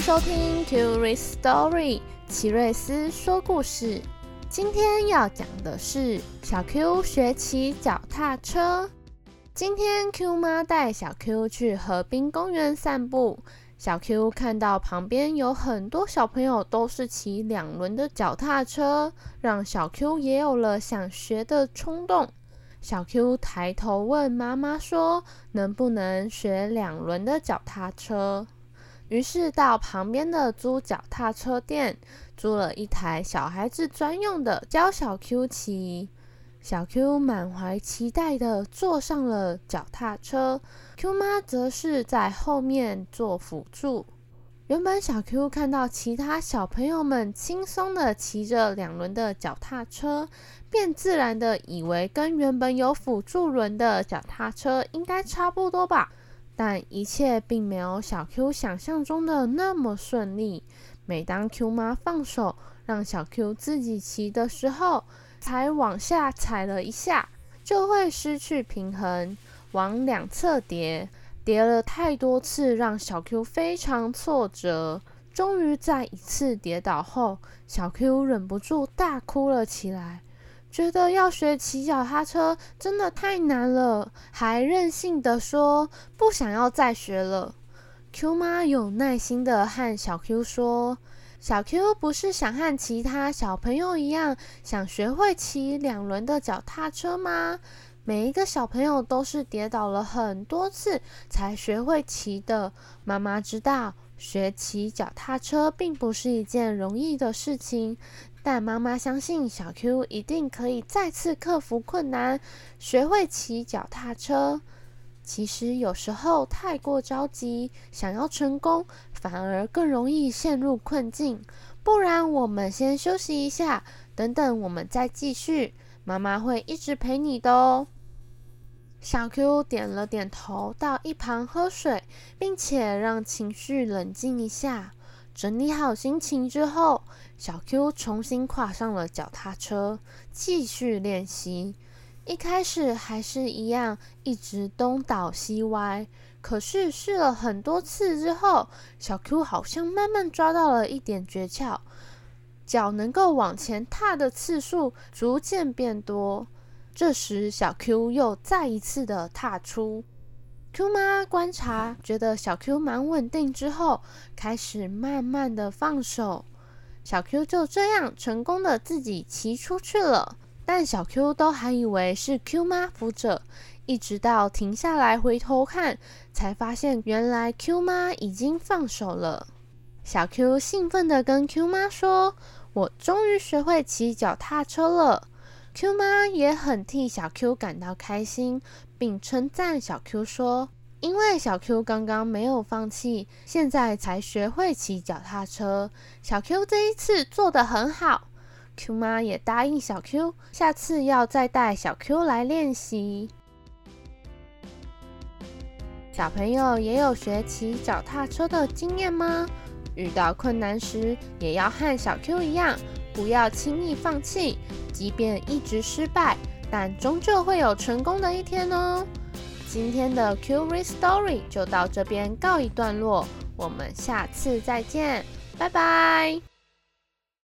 收聽《Curious Story》奇瑞斯說故事。今天要講的是小 Q 學騎腳踏車。今天 Q 媽帶小 Q 去河濱公園散步，小 Q 看到旁邊有很多小朋友都是騎兩輪的腳踏車，讓小 Q 也有了想學的衝動。小 Q 抬頭問媽媽說：“能不能學兩輪的腳踏車？”於是到旁邊的租腳踏車店租了一台小孩子專用的，教小 Q 騎，小 Q 滿懷期待的坐上了腳踏車，Q 媽則是在後面做輔助。原本小 Q 看到其他小朋友們輕鬆的騎着兩輪的腳踏車，便自然的以為跟原本有輔助輪的腳踏車應該差不多吧。但一切並沒有小 Q 想象中的那麼順利。每當 Q 媽放手，讓小 Q 自己騎的時候，才往下踩了一下，就會失去平衡，往兩側跌，跌了太多次，讓小 Q 非常挫折。終於在一次跌倒後，小 Q 忍不住大哭了起來。覺得要學騎腳踏車真的太難了，還任性的說不想要再學了。Q 媽有耐心的和小 Q 說：“小 Q 不是想和其他小朋友一樣，想學會騎兩輪的腳踏車嗎？每一個小朋友都是跌倒了很多次才學會騎的。媽媽知道，學騎腳踏車並不是一件容易的事情。”但媽媽相信小 Q 一定可以再次克服困難，學會騎腳踏車。其實有時候太過着急，想要成功，反而更容易陷入困境。不然，我們先休息一下，等等我們再繼續，媽媽會一直陪你的哦。小 Q 點了點頭，到一旁喝水，並且讓情緒冷靜一下。整理好心情之後，小 Q 重新跨上了腳踏車，繼續練習。一開始還是一樣，一直東倒西歪。可是試了很多次之後，小 Q 好像慢慢抓到了一點訣竅，腳能夠往前踏的次數逐漸變多。這時，小 Q 又再一次的踏出。Q 媽觀察，覺得小 Q 蠻穩定之後，開始慢慢的放手。小 Q 就這樣成功的自己騎出去了，但小 Q 都還以為是 Q 媽扶着，一直到停下來回頭看，才發現原來 Q 媽已經放手了。小 Q 興奮的跟 Q 媽說：“我終於學會騎腳踏車了。”Q 媽也很替小 Q 感到開心，並稱讚小 Q 說。因為小 Q 剛剛沒有放棄，現在才學會騎腳踏車。小 Q 這一次做得很好，Q 媽也答應小 Q 下次要再帶小 Q 來練習。小朋友也有學騎腳踏車的經驗嗎？遇到困難時，也要和小 Q 一樣，不要輕易放棄。即便一直失敗，但終究會有成功的一天哦。今天的 Curious Story 就到這邊告一段落，我們下次再見，拜拜。